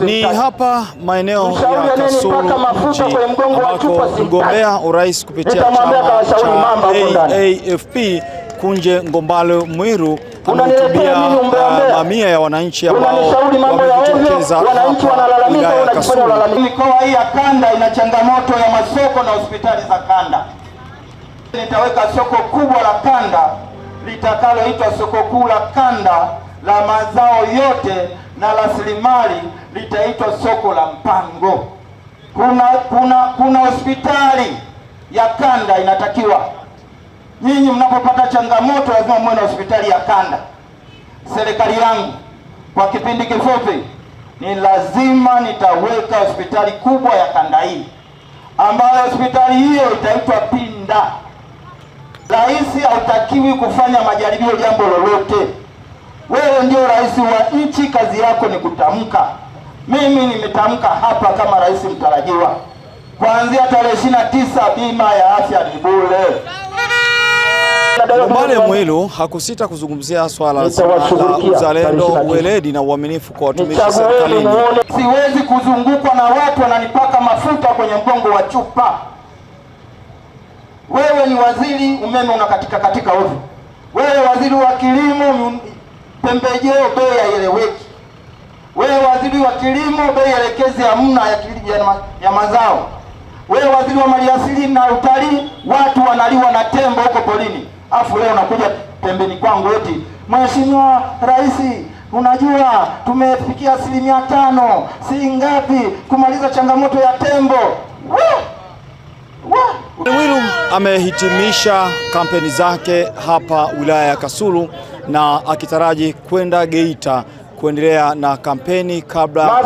Ni hapa maeneo ya Kasulu mji ambako mgombea urais kupitia chama cha AFP Kunje Ngombale Mwiru amehutubia uh, mamia ya wananchi ambao wamejitokeza hapa wilaya ya Kasulu. Mikoa hii ya kanda ina changamoto ya masoko na hospitali za kanda. Nitaweka soko kubwa la kanda litakaloitwa soko kuu la kanda la mazao yote na rasilimali litaitwa soko la mpango. Kuna kuna kuna hospitali ya kanda inatakiwa. Nyinyi mnapopata changamoto, lazima muwe na hospitali ya kanda. Serikali yangu kwa kipindi kifupi, ni lazima nitaweka hospitali kubwa ya kanda hii, ambayo hospitali hiyo itaitwa Pinda. Rais hautakiwi kufanya majaribio jambo lolote wewe ndio rais wa nchi, kazi yako ni kutamka. Mimi nimetamka hapa kama rais mtarajiwa, kuanzia tarehe ishirini na tisa bima ya afya ni bure. Jumbane Mwilu hakusita kuzungumzia swala la uzalendo, uweledi na uaminifu kwa watumishi serikalini. Siwezi kuzungukwa na watu wananipaka mafuta kwenye mgongo wa chupa. Wewe ni waziri, umeme katika katika ovyo. Wewe waziri wa kilimo pembejeo bei haieleweki. Wewe waziri wa kilimo, bei elekezi hamna ya, ya, ya mazao. Wewe waziri wa maliasili na utalii, watu wanaliwa na tembo huko polini, afu leo unakuja pembeni kwangu eti Mheshimiwa Rais, unajua tumefikia asilimia tano si ngapi kumaliza changamoto ya tembo. Mwiru amehitimisha kampeni zake hapa wilaya ya Kasulu na akitaraji kwenda Geita kuendelea na kampeni kabla ya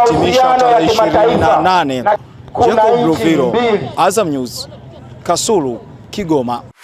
kuhitimisha tarehe 28. Jacob Ruvilo, Azam News, Kasulu, Kigoma.